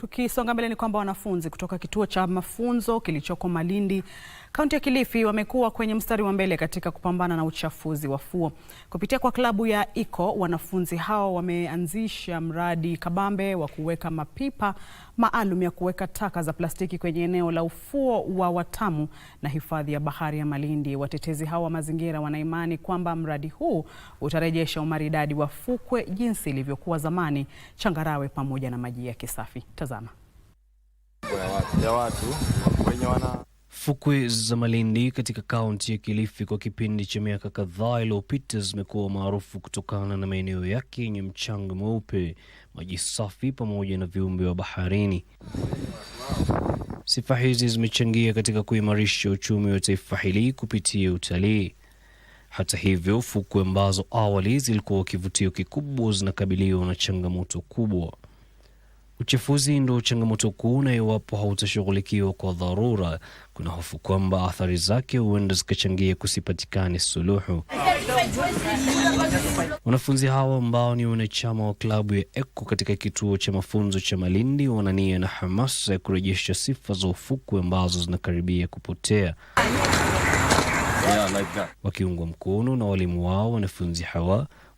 Tukisonga mbele ni kwamba wanafunzi kutoka kituo cha mafunzo kilichoko Malindi, kaunti ya Kilifi wamekuwa kwenye mstari wa mbele katika kupambana na uchafuzi wa fuo. Kupitia kwa klabu ya ico wanafunzi hao wameanzisha mradi kabambe wa kuweka mapipa maalum ya kuweka taka za plastiki kwenye eneo la ufuo wa Watamu na hifadhi ya bahari ya Malindi. Watetezi hao wa mazingira wana imani kwamba mradi huu utarejesha umaridadi wa fukwe jinsi ilivyokuwa zamani, changarawe pamoja na maji yake safi. Tazama ya watu wenye wana fukwe za Malindi katika kaunti ya Kilifi kwa kipindi cha miaka kadhaa iliyopita zimekuwa maarufu kutokana na maeneo yake yenye mchanga mweupe, maji safi pamoja na viumbe wa baharini. Sifa hizi zimechangia katika kuimarisha uchumi wa taifa hili kupitia utalii. Hata hivyo, fukwe ambazo awali zilikuwa kivutio kikubwa zinakabiliwa na changamoto kubwa. Uchafuzi ndo changamoto kuu, na iwapo hautashughulikiwa kwa dharura, kuna hofu kwamba athari zake huenda zikachangia kusipatikane suluhu. Wanafunzi hawa ambao ni wanachama wa klabu ya EKO katika kituo cha mafunzo cha Malindi wanania na hamasa ya kurejesha sifa za ufukwe ambazo zinakaribia kupotea. Yeah, like wakiungwa mkono na walimu wao, wanafunzi hawa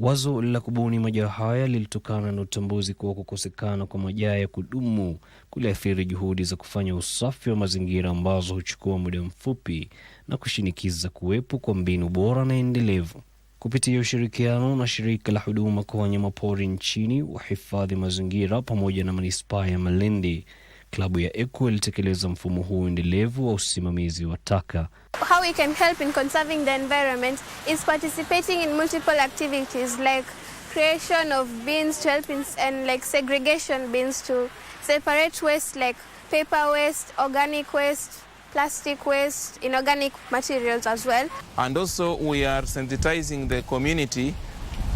Wazo la kubuni majaa haya lilitokana na utambuzi kuwa kukosekana kwa majaa ya kudumu kuliathiri juhudi za kufanya usafi wa mazingira ambazo huchukua muda mfupi na kushinikiza kuwepo kwa mbinu bora na endelevu. Kupitia ushirikiano na shirika la huduma kwa wanyamapori nchini, wahifadhi mazingira pamoja na manispaa ya Malindi Klabu ya Eco ilitekeleza mfumo huu endelevu wa usimamizi wa taka. How we can help in conserving the environment is participating in multiple activities like creation of bins to help in, and like segregation bins to separate waste like paper waste, organic waste, plastic waste, inorganic materials as well. And also we are sensitizing the community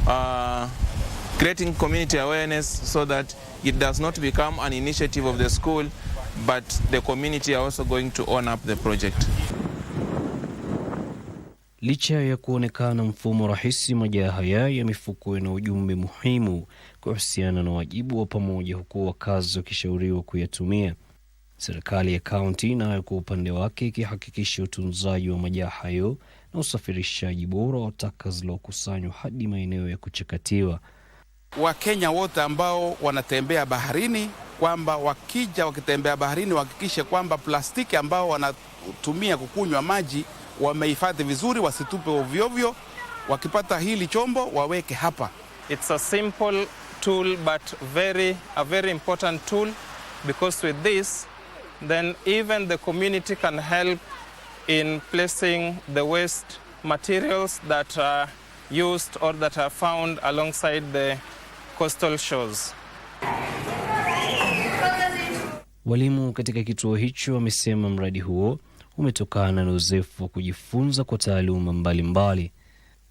uh, creating community awareness so that it does not become an initiative of the school, but the community are also going to own up the project. Licha ya kuonekana mfumo rahisi, majaa haya ya mifuko yana ujumbe muhimu kuhusiana na wajibu wa pamoja, huku wakazi wakishauriwa kuyatumia. Serikali ya kaunti nayo kwa upande wake ikihakikisha utunzaji wa majaa hayo na usafirishaji bora wa taka zilizokusanywa hadi maeneo ya kuchakatiwa. Wakenya wote ambao wanatembea baharini kwamba wakija wakitembea baharini wahakikishe kwamba plastiki ambao wanatumia kukunywa maji wamehifadhi vizuri, wasitupe ovyovyo. Wakipata hili chombo waweke hapa. It's a simple tool but very, a very important tool because with this then even the community can help in placing the waste materials that are used or that are found alongside the coastal shores. Walimu katika kituo hicho wamesema mradi huo umetokana na uzoefu wa kujifunza kwa taaluma mbalimbali.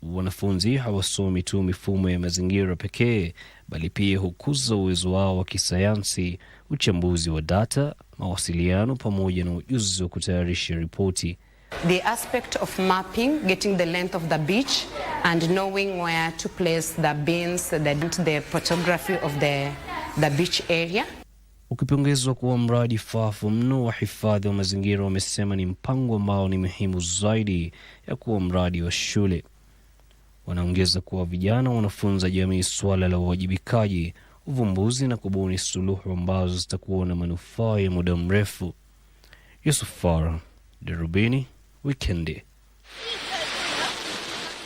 Wanafunzi hawasomi tu mifumo ya mazingira pekee, bali pia hukuza uwezo wao wa kisayansi, uchambuzi wa data, mawasiliano, pamoja na ujuzi wa kutayarisha ripoti. The aspect of mapping, getting the length of the beach and knowing where to place the bins, the, the photography of the, the beach area. Ukipongezwa kuwa mradi faafu mno, wa hifadhi wa mazingira wamesema ni mpango ambao ni muhimu zaidi ya kuwa mradi wa shule. Wanaongeza kuwa vijana wanafunza jamii suala la uwajibikaji, uvumbuzi na kubuni suluhu ambazo zitakuwa na manufaa ya muda mrefu. Yusuf Farah, Darubini weekend.